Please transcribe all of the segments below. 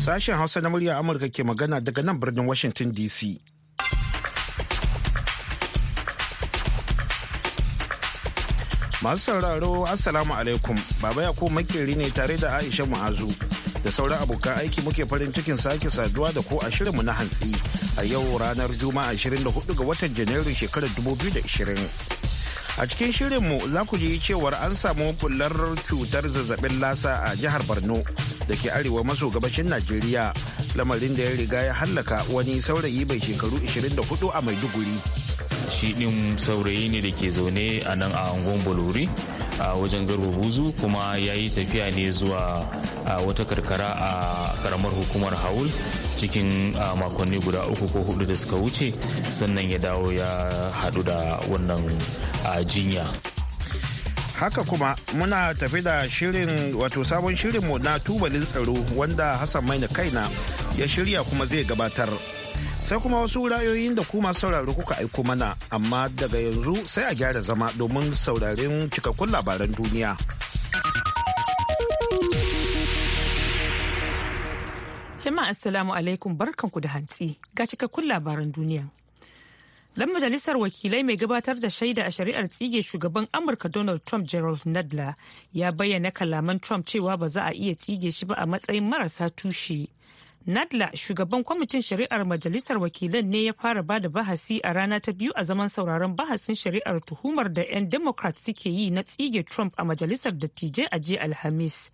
Sashen Hausa na murya Amurka ke magana daga nan birnin Washington DC. Masu sauraro Assalamu alaikum Baba yakub makeri ne tare da Aisha Mu'azu da sauran abokan aiki muke farin cikin sake saduwa da ko a shirinmu na hantsi a yau ranar Juma'a 24 ga watan Janairu shekarar 2020. a cikin shirinmu za ku ji cewar an samu kullar cutar zazzabin lasa a jihar borno da ke arewa maso gabashin najeriya lamarin da ya riga ya hallaka wani saurayi bai shekaru 24 a maiduguri shi ɗin saurayi ne da ke zaune a nan a angon bolori a wajen garba buzu kuma ya yi tafiya ne zuwa wata karkara a karamar hukumar haul cikin makonni guda uku ko hudu da suka wuce sannan ya dawo ya haɗu da wannan jinya haka kuma muna tafi da shirin wato sabon shirinmu na tubalin tsaro wanda hassan mai na kaina ya shirya kuma zai gabatar sai kuma wasu rayoyin da kuma sauraro kuka aiko mana amma daga yanzu sai a gyara zama domin saurarin cikakkun labaran duniya jama'a assalamu alaikum barkanku da hantsi ga cikakkun labaran duniya Dan majalisar wakilai mai gabatar da shaida a shari'ar tsige shugaban Amurka Donald Trump Gerald Nadler ya bayyana kalaman Trump cewa ba za a iya tsige shi ba a matsayin marasa tushe. Nadler shugaban kwamitin shari'ar majalisar wakilan ne ya fara ba da bahasi a rana ta biyu a zaman sauraron bahasin shari'ar tuhumar da 'yan Democrat suke yi na tsige Trump a majalisar dattijai a jiya Alhamis.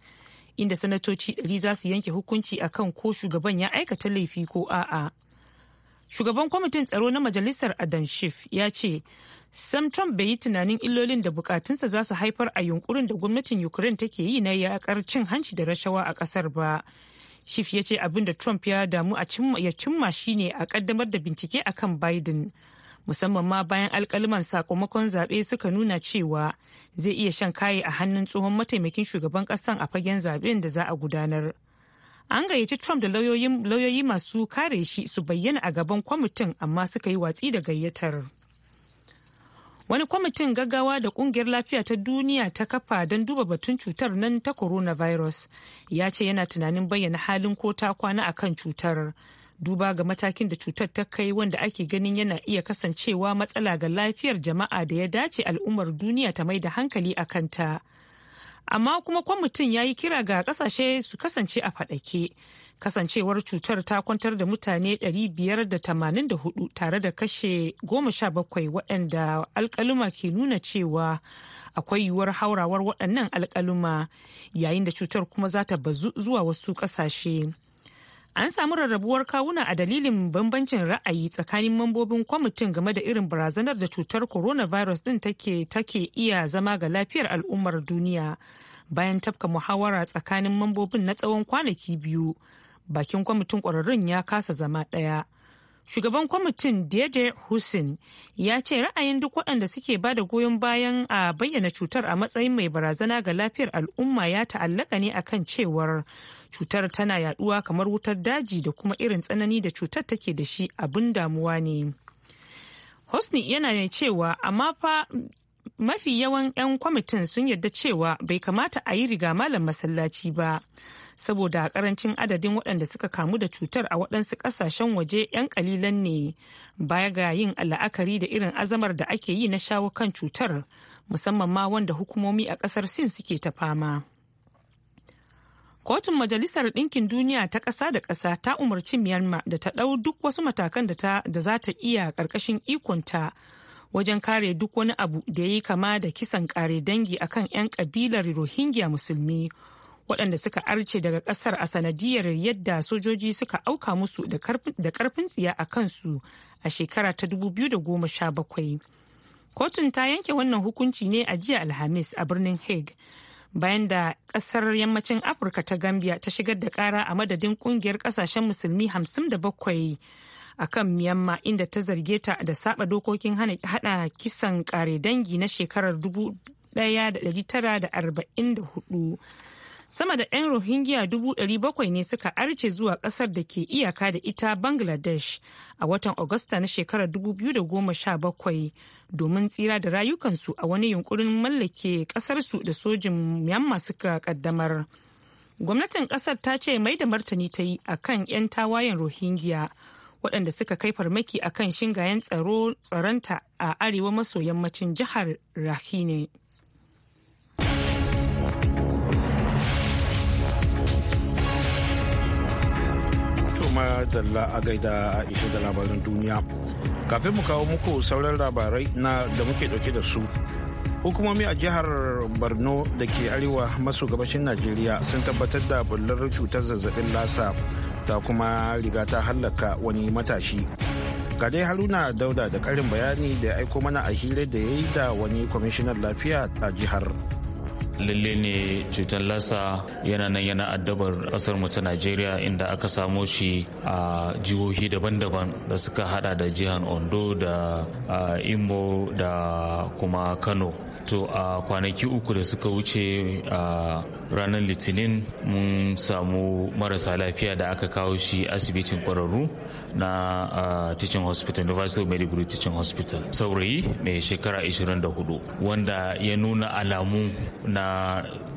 Inda sanatoci ɗari za su yanke hukunci akan ko shugaban ya aikata laifi ko a'a. shugaban kwamitin tsaro na majalisar adam schiff ya ce sam trump bai yi tunanin illolin da bukatunsa za su haifar a yunkurin da gwamnatin ukraine take yi na yakar cin hanci da rashawa a kasar ba Schiff ya ce abin da Trump ya damu ya cimma shine a kaddamar da bincike akan Biden. Musamman ma bayan alkaliman sakamakon zaɓe suka nuna cewa zai iya shan kaye a hannun tsohon mataimakin shugaban ƙasan a fagen zaɓen da za a gudanar. an gayyaci trump da lauyoyi masu kare shi su bayyana a gaban kwamitin amma suka yi watsi da gayyatar wani kwamitin gaggawa da kungiyar lafiya ta duniya ta kafa don duba batun cutar nan ta coronavirus ya ce yana tunanin bayyana halin ko ta kwana a kan cutar duba ga matakin da cutar ta kai wanda ake ganin yana iya kasancewa matsala ga lafiyar jama'a da ya dace al'ummar duniya ta mai da hankali a kanta. amma kuma kwan mutum ya yi kira ga kasashe su kasance a faɗake kasancewar cutar ta kwantar da mutane 584 tare da kashe 17 waɗanda alkaluma ke nuna cewa akwai yiwuwar haurawar waɗannan alkaluma yayin da cutar kuma za ta bazu zuwa wasu ƙasashe. an samu rarrabuwar kawuna a dalilin bambancin ra'ayi tsakanin mambobin kwamitin game da irin barazanar da cutar coronavirus din take take iya zama ga lafiyar al'ummar duniya bayan tafka muhawara tsakanin mambobin na tsawon kwanaki biyu bakin kwamitin ƙwararrun ya kasa zama ɗaya shugaban kwamitin dede hussein ya ce ra'ayin duk waɗanda suke ba da goyon bayan a bayyana cutar a matsayin mai barazana ga lafiyar al'umma ya ta'allaka ne akan cewar cutar tana yaduwa kamar wutar daji da kuma irin tsanani da cutar take da shi abin damuwa ne hosni yana ne cewa amma fa mafi yawan 'yan kwamitin sun yarda cewa bai kamata a yi riga malam masallaci ba saboda karancin adadin waɗanda suka kamu da cutar a waɗansu ƙasashen waje 'yan ƙalilan ne baya ga yin la'akari da irin azamar da ake yi na shawo kan cutar musamman ma wanda hukumomi a ƙasar sin suke ta fama. Kotun Majalisar Ɗinkin Duniya ta ƙasa da ƙasa ta umarci Myanmar da ta ɗau duk wasu matakan da za ta iya ƙarƙashin ikonta wajen kare duk wani abu da ya yi kama da kisan kare dangi akan 'yan kabilar rohingya musulmi waɗanda suka arce daga ƙasar a sanadiyar yadda sojoji suka auka musu da ƙarfin tsiya a kansu a shekara ta 2017 kotun ta yanke wannan hukunci ne a jiya alhamis a birnin hague bayan da ƙasar yammacin afirka ta gambia ta shigar da ƙara a madadin ƙungiyar ƙasashen musulmi 57 akan Myanmar inda ta zarge ta da saba dokokin hana hada kisan kare dangi na shekarar 1944. Sama da 'yan Rohingya 700,000 ne suka arce zuwa kasar da ke iyaka da ita Bangladesh a watan Agusta na shekarar 2017 domin tsira da rayukansu a wani yunkurin mallake kasarsu da sojin Myanmar suka kaddamar. Gwamnatin kasar ta ce mai da martani ta yi a kan 'yan tawayen Rohingya. waɗanda suka kai farmaki a kan shingayen tsaronta a arewa maso yammacin jihar Rakhine. Tuma Dalla a gaida Aisha da labarin duniya. Kafin mu kawo muku sauran labarai na da muke dauke da su. hukumomi a jihar borno da ke arewa maso gabashin najeriya sun tabbatar da bullar cutar zazzabin lasa ta kuma riga ta hallaka wani matashi ga dai haruna dauda da karin bayani da ya aiko mana a hira da ya yi da wani kwamishinan lafiya a jihar. lalle ne cutar lasa yana nan yana addabar kasar mu ta najeriya inda aka samo shi a jihohi daban-daban da suka hada da jihar ondo da imo da kuma kano to a kwanaki uku da suka wuce a ranar litinin mun samu marasa lafiya da aka kawo shi asibitin kwararru na teaching hospital university of medical teaching hospital saurayi mai shekara 24 wanda ya nuna alamu na na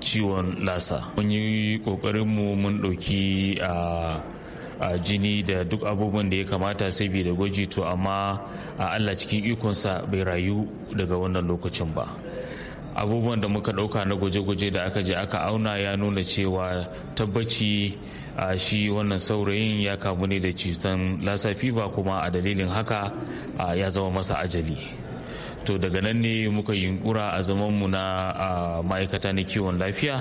ciwon lasa mun yi mu mun ɗauki a jini da duk abubuwan da ya kamata sai da gwaji to amma a allah cikin ikonsa bai rayu daga wannan lokacin ba abubuwan da muka ɗauka na gwaje-gwaje da aka je aka auna ya nuna cewa tabbaci a shi wannan saurayin ya kamu ne da cutan lasafi ba kuma a dalilin haka ya zama masa ajali to daga nan ne muka yunkura a mu na ma'aikata na kiwon lafiya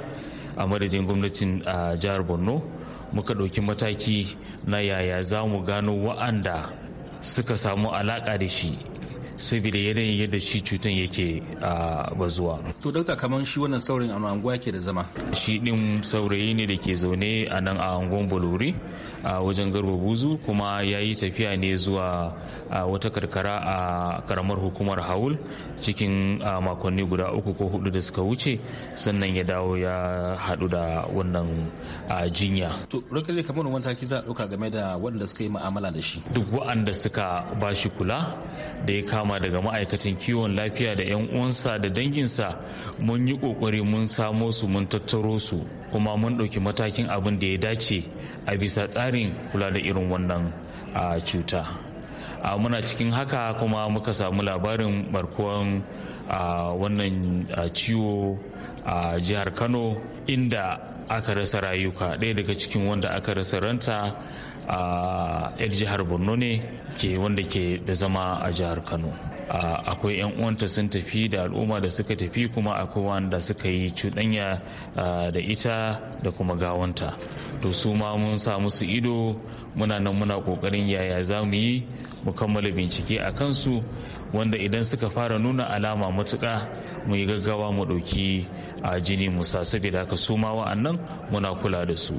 a madadin gwamnatin jihar borno muka ɗauki mataki na yaya za mu gano wa'anda suka samu alaƙa da shi saboda yanayin yadda shi cutan yake bazuwa. To dokta kamar shi wannan saurayin a anguwa yake da zama? Shi din saurayi ne da ke zaune a nan a angon Bolori a wajen Garba Buzu kuma ya yi tafiya ne zuwa wata karkara a karamar hukumar Haul cikin makonni guda uku ko hudu da suka wuce sannan ya dawo ya haɗu da wannan jinya. To rokali kamar wani taki za a ɗauka game da waɗanda suka yi ma'amala da shi. Duk waɗanda suka ba shi kula da ya kama kama daga ma'aikatan kiwon lafiya da 'yan uwansa da danginsa mun yi kokari mun samo su mun tattaro su kuma mun ɗauki matakin abin da ya dace a bisa tsarin kula da irin wannan cuta a muna cikin haka kuma muka samu labarin barkuwan wannan ciwo a jihar kano inda aka rasa rayuka ɗaya daga cikin wanda aka rasa ranta a yar jihar borno ne ke wanda ke da zama a jihar kano akwai 'yan uwanta sun tafi da al'umma da suka tafi kuma akwai wanda suka yi cuɗanya da ita da kuma gawanta to su ma mun sa musu ido muna nan muna ƙoƙarin yaya za mu yi mu kammala bincike a kansu wanda idan suka fara nuna alama matuƙa mu yi gaggawa mu ɗauki a jini musa saboda haka su ma wa'annan muna kula da su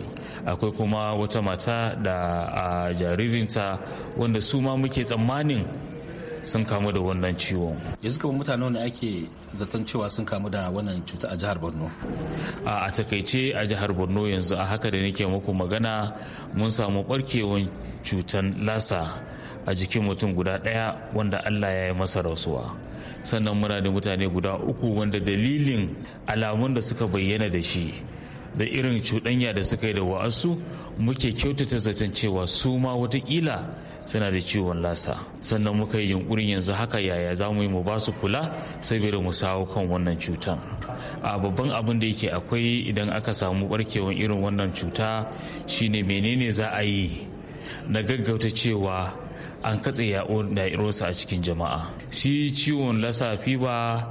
akwai kuma wata mata da a jaririnta wanda su ma muke tsammanin sun kamu da wannan ciwon ya suka mutane ne ake zaton cewa sun kamu da wannan cuta a jihar borno a takaice a jihar borno yanzu a haka da nake muku magana mun samu barkewan cutan lasa a jikin mutum guda ɗaya wanda allah ya yi masa rasuwa sannan muna da mutane guda uku wanda dalilin alamun da suka bayyana da shi da irin cuɗanya da suka yi da wa'asu muke kyautata zaton cewa su ma watakila suna da ciwon lasa sannan muka yi yunkurin yanzu haka yaya za mu yi mu ba su kula saboda mu sawo kan wannan cutan a babban abin da yake akwai idan aka samu barkewan irin wannan cuta shine menene za a yi na gaggauta cewa an katse yaɗuwar dairosa a cikin jama'a shi ciwon lasa fiba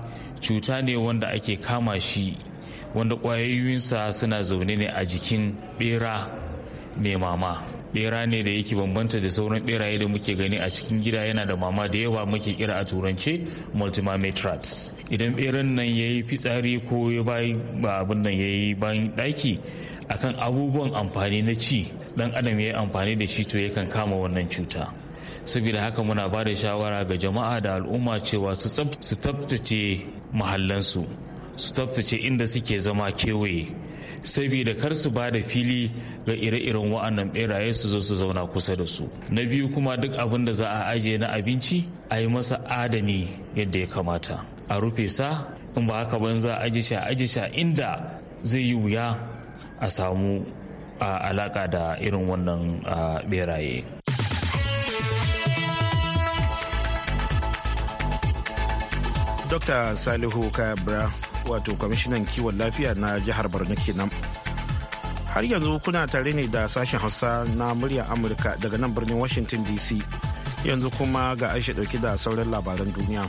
cuta ne wanda ake kama shi wanda ƙwayoyinsa suna zaune ne a jikin ɓera mai mama bera ne da yake bambanta da sauran ɓeraye da muke gani a cikin gida yana da mama da yawa muke kira a turance multimametrats idan ɓeran nan ya yi fitsari ko ya bayi ba abin nan ya yi bayan daki akan abubuwan amfani na ci ɗan adam ya yi amfani da shi to yakan kama wannan cuta saboda haka muna ba da shawara ga jama'a da al'umma cewa su tsabtace mahallansu su tsabtace inda suke zama kewaye saboda kar su ba da fili ga ire-iren wa'annan beraye su zo su zauna kusa da su na biyu kuma duk abin da za a ajiye na abinci a yi masa adani yadda ya kamata a rufe sa in ba haka ban za a ajiye shi a ajiye shi inda zai yi wuya a samu alaka da irin wannan beraye. dr salihu kayabra wato kwamishinan kiwon lafiya na jihar borno kenan har yanzu kuna tare ne da sashen hausa na muryar amurka daga nan birnin washington dc yanzu kuma ga aisha dauki da sauran labaran duniya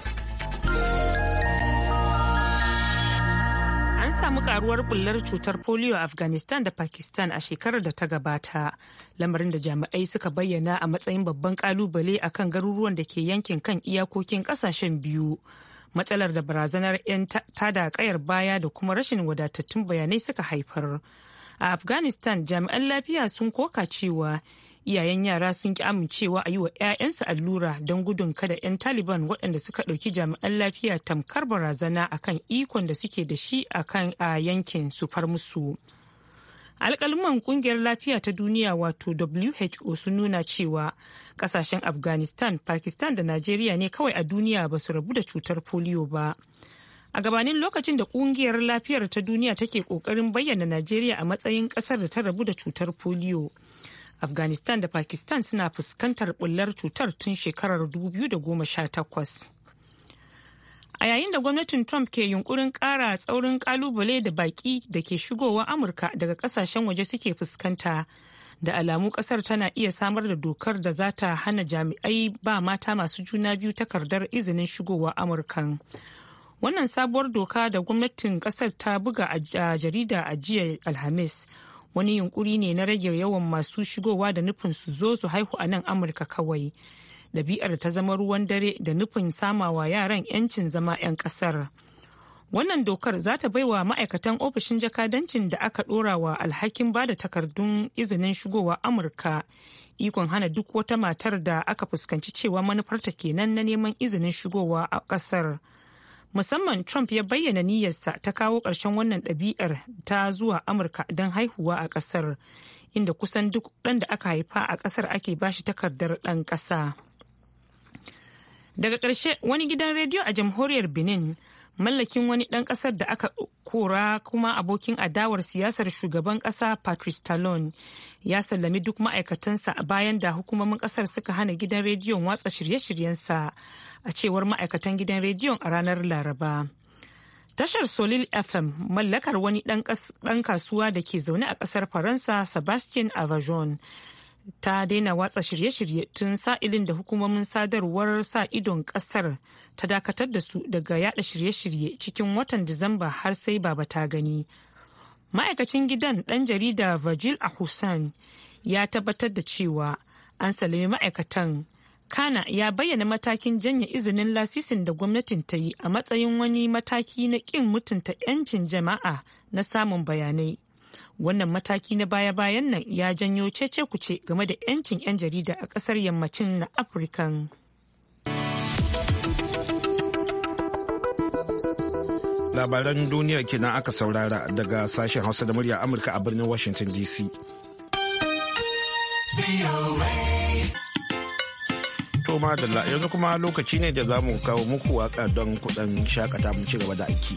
an samu karuwar bullar cutar polio a afghanistan da pakistan a shekarar da ta gabata lamarin da jami'ai suka bayyana a matsayin babban kalubale akan garuruwan da ke yankin kan iyakokin kasashen biyu matsalar da barazanar 'yan tada kayar baya da kuma rashin wadatattun bayanai suka haifar a afghanistan jami'an lafiya sun koka cewa iyayen yara sun ki amincewa a yi wa 'ya'yansu allura don gudun kada 'yan taliban waɗanda suka ɗauki jami'an lafiya tamkar barazana akan ikon da suke da shi akan a yankin su far musu. alkalman kungiyar lafiya ta duniya wato who sun nuna cewa kasashen afghanistan pakistan da najeriya ne kawai a duniya ba su rabu da cutar polio ba a gabanin lokacin da kungiyar lafiyar ta duniya take kokarin bayyana najeriya a matsayin kasar da ta rabu da cutar polio afghanistan da pakistan suna fuskantar bullar cutar tun shekarar 2018 a yayin da gwamnatin trump ke yunkurin kara tsaurin kalubale da baki da ke shigowa amurka daga kasashen waje suke fuskanta da alamu kasar tana iya samar da dokar da za ta hana jami'ai ba mata masu juna biyu takardar izinin shigowa amurka wannan sabuwar doka da gwamnatin kasar ta buga a jarida a jiya alhamis wani yunkuri ne na rage yawan masu shigowa da nufin su zo su haihu a nan amurka kawai ɗabi'ar ta zama ruwan dare da nufin samawa yaran 'yancin zama 'yan ƙasar. Wannan dokar za ta baiwa ma'aikatan ofishin jakadancin da aka ɗora wa alhakin ba da takardun izinin shigowa Amurka ikon hana duk wata matar da aka fuskanci cewa manufarta kenan na neman izinin shigowa a ƙasar. Musamman Trump ya bayyana niyyarsa ta kawo ƙarshen wannan ɗabi'ar ta zuwa Amurka don haihuwa a ƙasar, inda kusan duk ɗan da aka haifa a ƙasar ake bashi takardar ɗan ƙasa. daga ƙarshe wani gidan rediyo a jamhuriyar benin mallakin wani ɗan ƙasar da aka kora kuma abokin adawar siyasar shugaban ƙasa patrice talon ya sallami duk ma'aikatansa bayan da hukumomin ƙasar suka hana gidan rediyon watsa shirye-shiryensa a cewar ma'aikatan gidan rediyon a ranar laraba tashar solil fm mallakar wani ɗan kasuwa da ke zaune a ƙasar faransa sebastian avajon ta daina watsa shirye-shirye tun sa'ilin da hukumomin sadarwar sa idon kasar ta dakatar da su daga yada shirye-shirye cikin watan disamba har sai baba ta gani ma'aikacin gidan ɗan jarida virgil hussain ya tabbatar da cewa an salami ma'aikatan kana ya bayyana matakin janye izinin lasisin da gwamnatin ta yi a matsayin wani mataki na ƙin mutunta 'yancin jama'a na samun bayanai wannan mataki na baya-bayan nan ya janyo cece kuce game da 'yancin 'yan jarida a kasar yammacin na afirkan labaran duniya kenan aka saurara daga sashen hausa da murya amurka a birnin washington dc to madalla yanzu kuma lokaci ne da za mu kawo muku waka don kuɗin shakata mu ci gaba da aiki.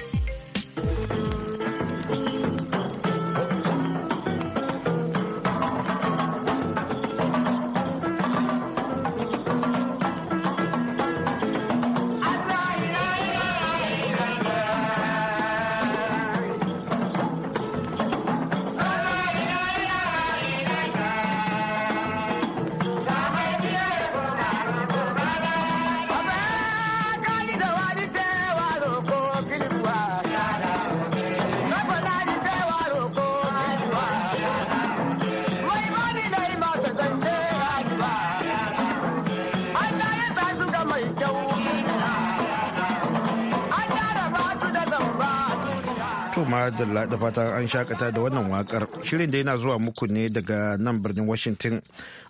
da fatan an shakata da wannan wakar shirin da yana zuwa muku ne daga nan birnin washington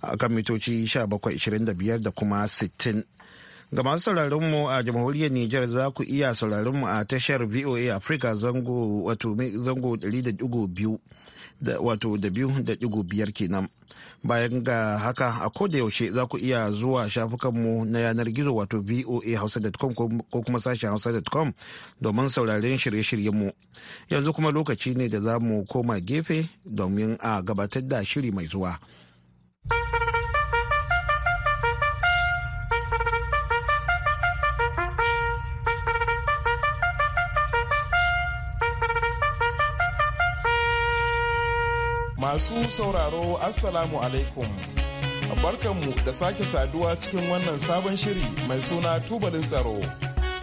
a kan mitoci 1725 da kuma 60 ga masu sauraron mu a jamhuriyar niger za ku iya sauraron mu a tashar voa africa zango wato da biyu da ɗigo biyar kenan bayan ga haka a koda yaushe za ku iya zuwa shafukanmu na yanar gizo wato voahausa.com ko kuma sashen hausa.com domin sauraren shirye-shiryenmu yanzu kuma lokaci ne da za mu koma gefe domin a gabatar da shiri mai zuwa. Masu sauraro Assalamu alaikum. Barkanmu da sake saduwa cikin wannan sabon shiri mai suna tubalin tsaro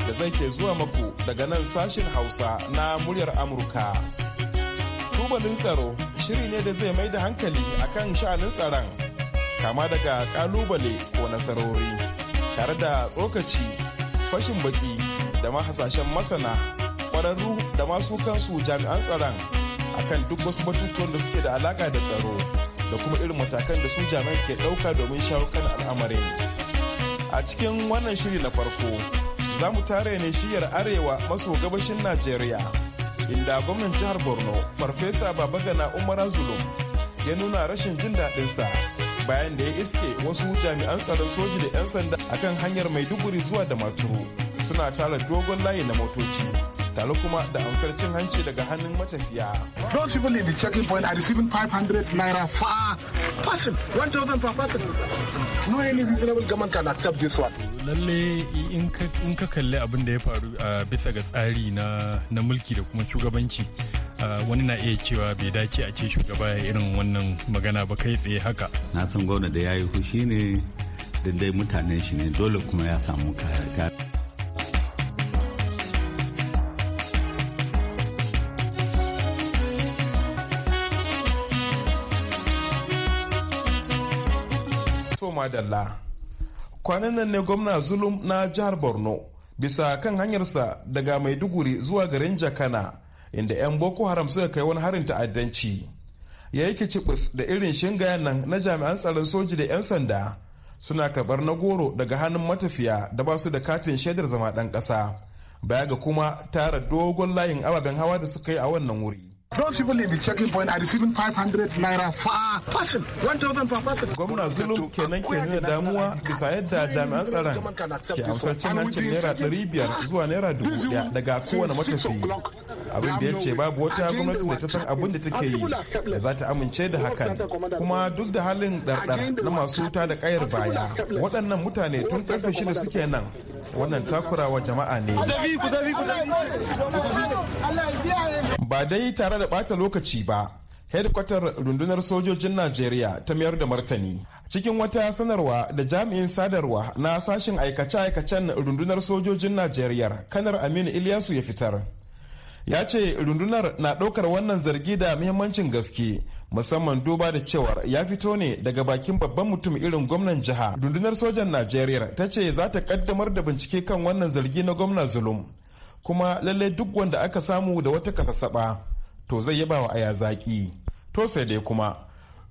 da zai ke zuwa maku daga nan sashin Hausa na muryar Amurka. Tubalin tsaro shiri ne da zai mai da hankali akan sha'anin tsaron kama daga kalubale ko nasarori tare da tsokaci fashin baki da mahasashen masana kwararru da masu kansu jami'an tsaron. akan duk wasu batutuwan da suke da alaka da tsaro da kuma irin matakan da su jami'ai ke ɗauka domin shawo kan al'amarin a cikin wannan shiri na farko za mu tare ne shiyar arewa maso gabashin najeriya inda gwamnan jihar borno farfesa babagana umar zulum ya nuna rashin jin daɗinsa bayan da ya iske wasu jami'an tsaron soji da 'yan sanda akan hanyar maiduguri zuwa da maturu suna tara dogon layi na motoci tare kuma da amsar cin hanci daga hannun matafiya. Those people in the checking point are receiving 500 naira per person, 1,000 per person. No any reasonable government can accept this one. Lalle in ka kalli abin da ya faru a bisa ga tsari na mulki da kuma shugabanci. wani na iya cewa bai dace a ce shugaba ya irin wannan magana ba kai tsaye haka. Na san gwamna da ya yi fushi ne da dai mutanen shi ne dole kuma ya samu kare. Dalla. kwanan nan ne gwamna zulum na jihar borno bisa kan hanyarsa daga maiduguri zuwa garin jakana inda 'yan boko haram suka kai wani harin ta'addanci ya yi kicibis da irin shingayen nan na jami'an tsaron soji da 'yan sanda suna karɓar na goro daga hannun matafiya da ba su da katin shaidar zama ɗan ƙasa baya ga kuma tara dogon layin ababen hawa da suka yi a wannan wuri Those people in the checking point are receiving 500 naira per person, 1,000 per person. Gwamna Zulum kenan ke nuna damuwa bisa yadda jami'an tsaron ke amsar cin hancin naira biyar zuwa naira 1,000 daga kowane matafiyi. Abin da ya ce babu wata gwamnati da ta san abin da take yi da za ta amince da hakan. Kuma duk da halin ɗarɗar na masu wuta da ƙayar baya, waɗannan mutane tun ƙarfe shida suke nan. Wannan takurawa jama'a ne. ba dai tare da ɓata lokaci ba hedkwatar rundunar sojojin najeriya ta mayar da martani cikin wata sanarwa da jami'in sadarwa na sashen aikace-aikacen rundunar sojojin najeriya kanar aminu ilyasu ya fitar ya ce rundunar na ɗaukar wannan zargi da muhimmancin gaske musamman duba da cewar ya fito ne daga bakin babban mutum irin gwamnan jiha rundunar sojan najeriya ta ce za ta kaddamar da bincike kan wannan zargi na gwamna zulum kuma lallai duk wanda aka samu da wata kasasaba to zai yaba wa aya zaki to sai dai kuma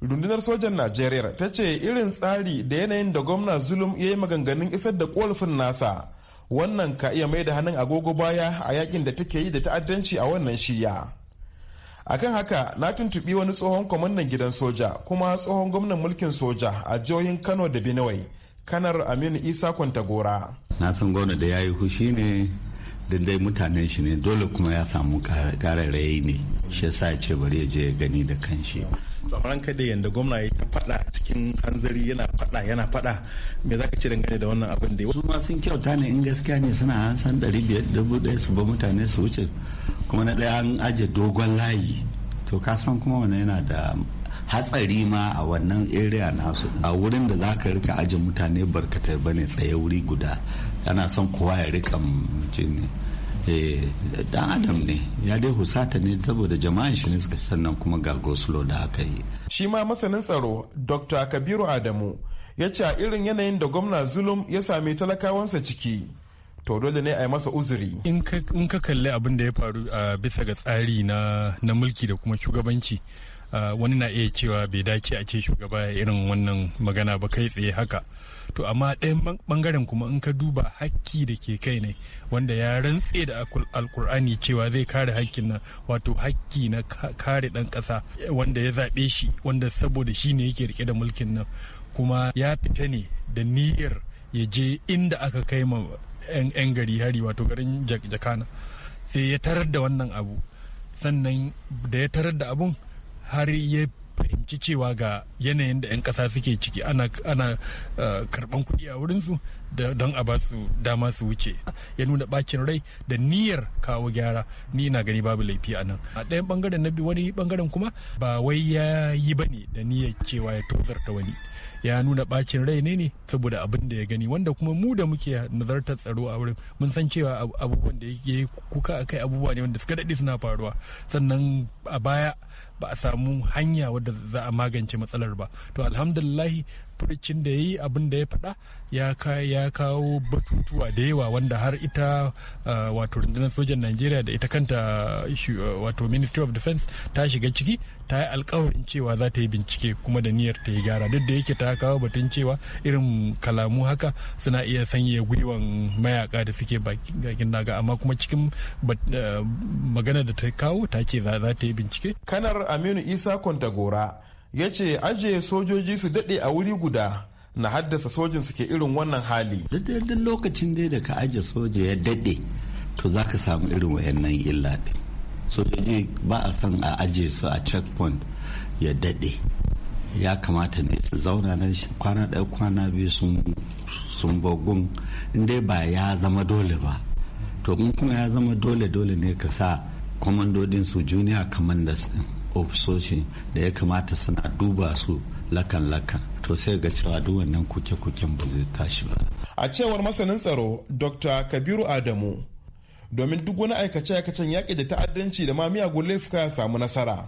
rundunar sojan najeriya ta ce irin tsari da yanayin da gwamna zulum ya yi maganganun isar da kolfin nasa wannan ka iya mai da hannun agogo baya a yakin da take yi da ta'addanci a wannan shiya akan haka na tuntuɓi wani tsohon kwamandan gidan soja kuma tsohon gwamnan mulkin soja a jihohin kano da benue kanar aminu isa kwantagora na san gwamna da ya yi hushi ne don dai mutanen shi ne dole kuma ya samu kararrayi ne shi yasa ya ce bari ya je gani da kanshi kai da yadda gwamna ya faɗa cikin hanzari yana faɗa yana faɗa me zaka ce dangane da wannan abin da su ma sun kyauta ne in gaskiya ne suna san ɗari biyar dubu ɗaya su ba mutane su wuce kuma na daya an aje dogon layi to ka san kuma wani yana da hatsari ma a wannan area nasu a wurin da za ka rika aje mutane barkatai bane tsaye wuri guda ana son kowa ya rika ne eh, dan adam ne ya dai husata ne saboda jama'an shi ne suka sannan kuma ga goslo da aka yi shi ma masanin tsaro dr kabiru adamu ya ce a irin yanayin da gwamna zulum ya sami talakawansa ciki to dole ne a yi masa uzuri in ka kalli abin da ya faru a ah, bisa ga tsari na mulki da kuma shugabanci Ah, wani na iya cewa bai dace a ce shugaba ya irin wannan magana ba kai tsaye haka to amma ɗayan bangaren kuma in ka duba hakki da ke kai ne wanda ya rantse da alkur'ani cewa zai kare hakkin nan wato hakki na kare ɗan ƙasa wanda ya zaɓe shi wanda saboda shi ne yake rike da mulkin nan kuma ya fita ne da niyyar ya je inda aka kai ma 'yan gari hari wato garin jakana sai ya tarar da wannan abu sannan da ya tarar da abun har ya fahimci cewa ga yanayin da 'yan ƙasa suke ciki ana eh, karban kuɗi a wurinsu don a ba su dama su wuce ya nuna bacin rai da niyyar kawo gyara ni na gani babu laifi a nan a ɗayan ɓangaren na biyu wani ɓangaren kuma ba wai ya yi ba ne da niyyar cewa ya tozarta wani ya nuna bacin rai ne ne saboda abin da ya gani wanda kuma mu da muke nazartar tsaro a wurin mun san cewa abubuwan da ya kuka akai abubuwa ne wanda suka daɗe suna faruwa sannan a baya ba a samu hanya wadda za a magance matsalar ba to alhamdulillahi furicin da ya yi abin da ya faɗa ya kawo batutuwa da yawa wanda har ita uh, wato rundunar sojan najeriya da ita kanta uh, wato ministry of defense ta shiga ciki ta yi alkawarin cewa za ta yi bincike kuma da niyyar ta yi gyara duk da yake ta kawo batun cewa irin kalamu haka suna iya sanya gwiwan mayaka da suke bakin daga amma kuma cikin uh, magana da ta kawo ta ce za ta yi bincike kanar aminu isa kwantagora ya ce ajiye sojoji su daɗe a wuri guda na haddasa sojin su ke irin wannan hali. Duk lokacin dai da ka ajiye soja ya daɗe to za ka samu irin wayannan illa ɗin. Sojoji ba a son a ajiye su a checkpoint ya daɗe. Ya kamata ne su zauna nan kwana ɗaya kwana biyu sun bagun dai ba ya zama dole ba. To kuma ya zama dole dole ne ka sa kwamandodin su junior commanders ɗin. ofisoshin da ya kamata suna duba su lakan-lakan to sai ga cewa duk wannan kuke-kuken ba zai tashi ba. A cewar masanin tsaro Dr. Kabiru Adamu domin duk wani aikace-aikacen yaƙi da ta'addanci da ma miyagun laifuka ya samu nasara.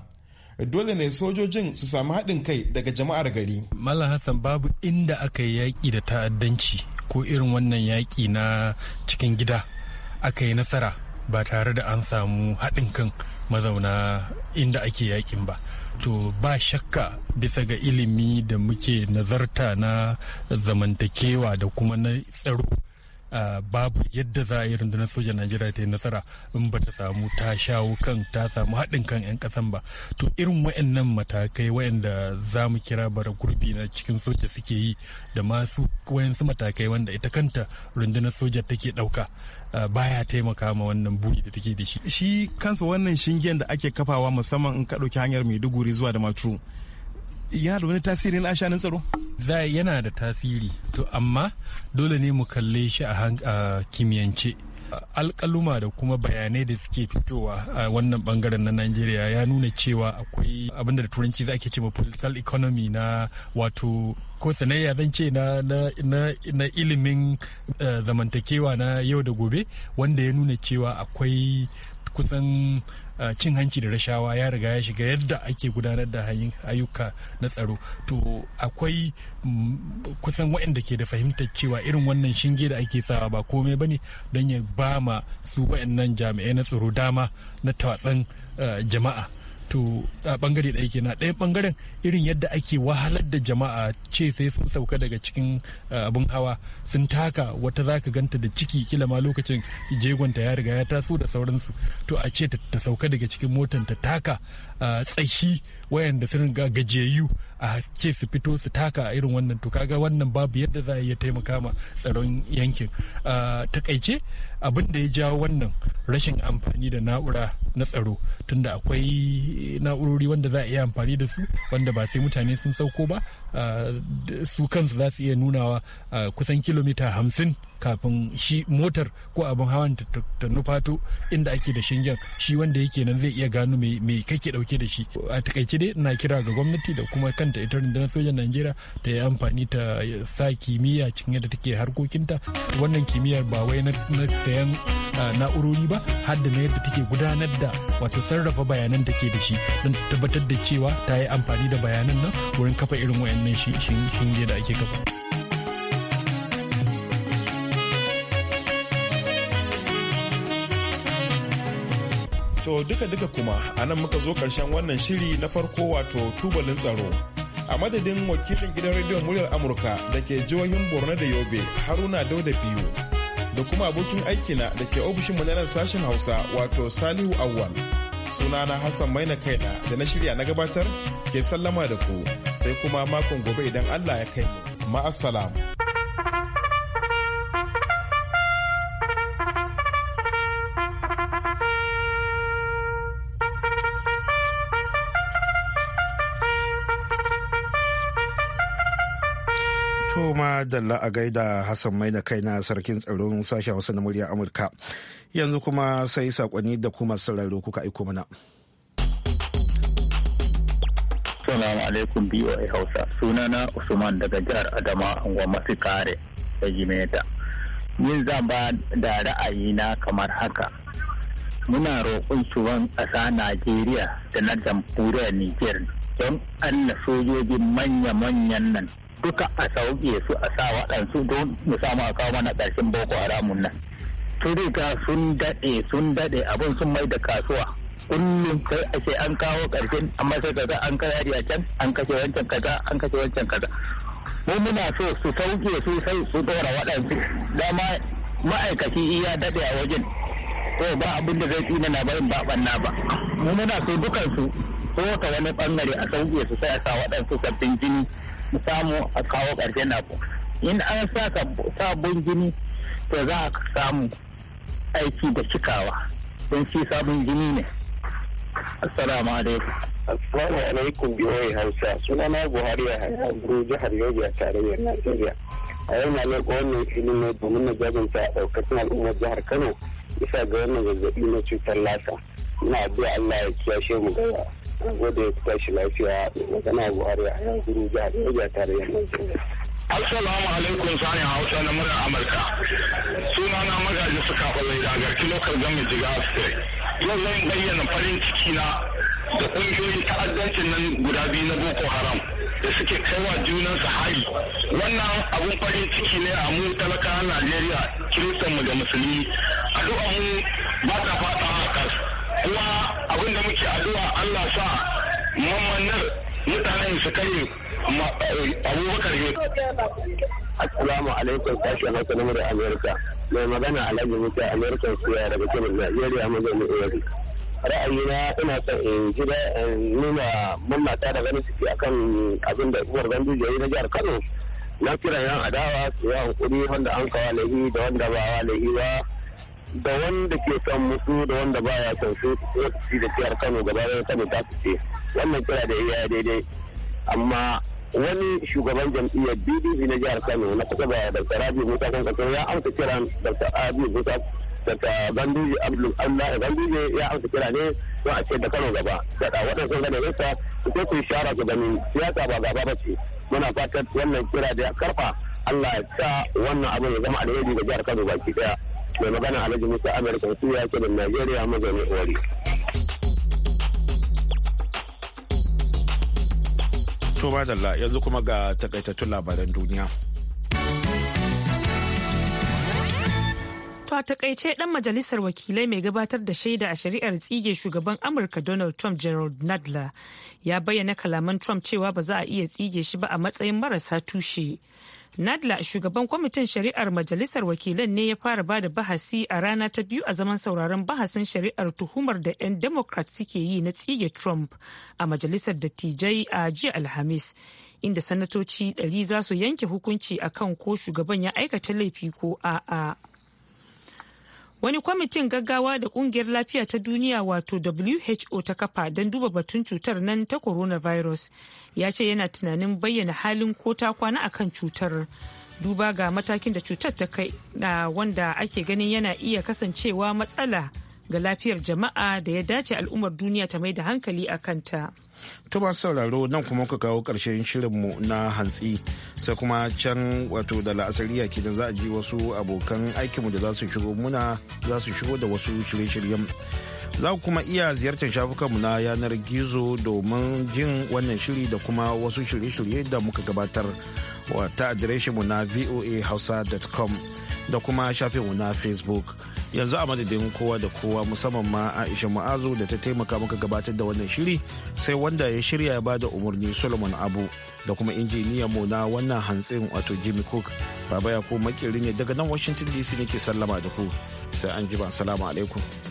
Dole ne sojojin su samu haɗin kai daga jama'ar gari. Malam Hassan babu inda aka yi yaƙi da ta'addanci ko irin wannan yaƙi na cikin gida aka yi nasara ba tare da an samu haɗin kan mazauna inda ake yakin ba to ba shakka bisa ga ilimi da muke nazarta na zamantakewa da kuma na tsaro Uh, babu yadda za a yi rundunar sojan najeriya ta yi nasara in ba ta samu ta shawo kan ta samu haɗin kan 'yan ƙasan ba to irin wayannan matakai wayanda za mu kira bara gurbi na cikin soja suke yi da masu wayansu matakai wanda ita kanta rundunar soja take ɗauka Eh, baya taimaka ma wannan buri da take da shi shi kansa wannan shingen da ake kafawa musamman in ka ɗauki hanyar maiduguri zuwa da maturu yana da wani tasiri na ashanin tsaro yana da tasiri to amma dole ne mu kalle shi a kimiyyance alkaluma da kuma bayanai da suke fitowa a wannan bangaren na Najeriya ya nuna cewa akwai abinda da turanci za ake ce political economy na wato ko sanayya zan ce na, ilimin eh, zamantakewa na yau da gobe wanda ya nuna cewa akwai kusan cin hanci da rashawa ya riga ya shiga yadda ake gudanar da ayyuka na tsaro to akwai mm, kusan waɗanda ke da fahimtar cewa irin wannan shinge da ake sawa ba komai bane don ya ba ma su waɗannan jami'ai na tsaro dama na tatsan eh, jama'a to a bangare ɗaya kenan ɗaya bangaren irin yadda ake wahalar da jama'a ce sai sun sauka daga cikin abin hawa sun taka wata za ka ganta da ciki kila ma lokacin jegonta ya riga ya taso da sauransu to a ce ta sauka daga cikin motan ta taka tsahi wayanda sun ga gajiyayyu a haske su fito su taka a irin wannan to kaga wannan babu yadda za a iya taimaka ma tsaron yankin takaice abin da ya jawo wannan rashin amfani da na'ura na tsaro tunda akwai na'urori wanda za a iya amfani da su wanda ba sai mutane sun sauko ba su kansu za su iya nunawa kusan kilomita hamsin kafin shi motar ko abin hawan ta nufato inda ake da shingen shi wanda yake nan zai iya gano me kake dauke da shi a takaice dai na kira ga gwamnati da kuma kanta ita rundunar sojan najeriya ta yi amfani ta sa kimiyya cikin yadda take harkokinta wannan kimiyyar ba wai na sayan na'urori ba har da na yadda take gudanar da wato sarrafa bayanan take da shi don tabbatar da cewa ta yi amfani da bayanan nan wurin kafa irin wayannan shinge da ake kafa. To duka-duka kuma a nan muka zo ƙarshen wannan shiri na farko wato tubalin tsaro. A madadin wakilin gidan rediyon muryar Amurka da ke jihohin Borno da Yobe Haruna Dauda biyu da kuma abokin aikina da ke ofishin mananar sashen Hausa wato Salihu Awwal. Sunana Hassan Maina Kaina da na shirya na gabatar ke sallama da ku sai kuma makon gobe idan Allah ya kai ma'asalam. Dalla a gaida Hassan mai da kaina sarkin tsaron sashen Hausa na murya Amurka. Yanzu kuma sai sakonni da kuma sauraro kuka aiko mana. Assalamu alaikum BOA Hausa. Sunana Usman daga jihar Adama Angon Masu Kare da Jimeta. Yin zamba ba da na kamar haka. Muna roƙon shugaban ƙasa Najeriya da na jamhuriyar Nijar don Allah sojojin manya-manyan nan duka a sauke su a sa waɗansu don mu samu a kawo mana ƙarshen boko haramun nan sun riga sun daɗe sun daɗe abin sun mai da kasuwa kullum sai a ce an kawo ƙarshen amma sai kaza an kai a can an kashe wancan kaza an kashe wancan kaza mu muna so su sauke su sai su ɗora waɗansu dama ma'aikaci iya daɗe a wajen ko ba abin da zai tsina na barin na ba mu muna so dukansu ko ta wani bangare a sauke su sai a sa waɗansu sabbin jini su samu a kawo ƙarshen ku. in an sa sabon jini to za a samu aiki da cikawa don shi sabon jini ne assalamu alaikum assalamu alaikum biyoyi hausa suna na buhari a hannu jihar yobe a tarayyar najeriya a yau na leƙo wannan filin ne domin na jajanta a ɗaukacin al'ummar jihar kano bisa ga wannan zazzaɓi na cutar lasa ina biya allah ya kiyashe mu gaba ku gode ku shi lafiya magana buhari a yanzu jihar Niger tarayyar Assalamu alaikum sani Hausa na murar Amurka. Sunana magaji suka falai da garki lokal gamin jiga state. Yau zan bayyana farin ciki na da kungiyoyin ta'addancin nan guda biyu na Boko Haram da suke kaiwa junan su hari. Wannan abun farin ciki ne a mu talaka Najeriya kiristanmu da musulmi. Addu'a mu ba ta fata a kuma abin da muke addu'a Allah sa mamannar mutane su kare eh, abubakar ne. Assalamu alaikum sashi a masu da Amerika. Mai magana Alhaji muke Amerika suya daga Kebbi Najeriya mazauni Iyari. Ra'ayina ina son in ji da nuna mallata da ganin ciki akan abin da uwar Ganduje ya yi na jihar Kano. Na kira yan adawa su yi hankuri wanda an kawa lahi da wanda ba wa lahi ba. da wanda ke son musu da wanda baya son su wasu da ciyar kano gaba da kano ta su ce wannan kira da iya daidai amma wani shugaban jam'iyyar bdc na jihar kano na kusa da dr abiy musa kankan ya amsa kira dr abiy musa daga bandiji abdul allah bandiji ya amsa kira ne don a ce da kano gaba da sun gane nesa su ko ku shara su gani siyasa ba gaba ba ce muna fatan wannan kira da ya karfa allah ya sa wannan abin ya zama alheri ga jihar kano baki daya mai magana alhaji musa amurka su ya ke da najeriya mazauni ori to madalla yanzu kuma ga takaitattun labaran duniya To a takaice dan majalisar wakilai mai gabatar da shaida a shari'ar tsige shugaban Amurka Donald Trump Gerald Nadler ya bayyana kalaman Trump cewa ba za a iya tsige shi ba a matsayin marasa tushe. Nadla shugaban kwamitin shari'ar majalisar wakilan ne ya fara ba da bahasi a rana ta biyu a zaman sauraron bahasin shari'ar tuhumar da 'yan democrat suke yi na tsige Trump a majalisar dattijai a jiya Alhamis. Inda sanatoci ɗari za su yanke hukunci akan ko shugaban ya aikata laifi ko a'a. wani kwamitin gaggawa da kungiyar lafiya ta duniya wato who ta kafa don duba batun cutar nan ta coronavirus ya ce yana tunanin bayyana halin ko ta kwana kan cutar duba ga matakin da cutar ta kai na wanda ake ganin yana iya kasancewa matsala ga lafiyar jama'a da ya dace al'ummar duniya ta mai da hankali a kanta. To ba sauraro nan kuma ka kawo ƙarshen shirinmu na hantsi sai kuma can wato da la'asariya kidan za a ji wasu abokan aikinmu da za su shigo muna za su shigo da wasu shirye-shiryen. Za kuma iya ziyartar shafukanmu na yanar gizo domin jin wannan shiri da kuma wasu shirye-shirye da muka gabatar ta adireshinmu na voahausa.com da kuma shafinmu na Facebook. yanzu a madadin kowa da kowa musamman ma aisha ma'azu da ta taimaka muka gabatar da wannan shiri sai wanda ya shirya ya bada umarni solomon abu da kuma injiniyan mu na wannan hantsin wato jimmy cook baba ya ko makirin ne daga nan washington dc nake sallama da ku sai an ji salamu alaikum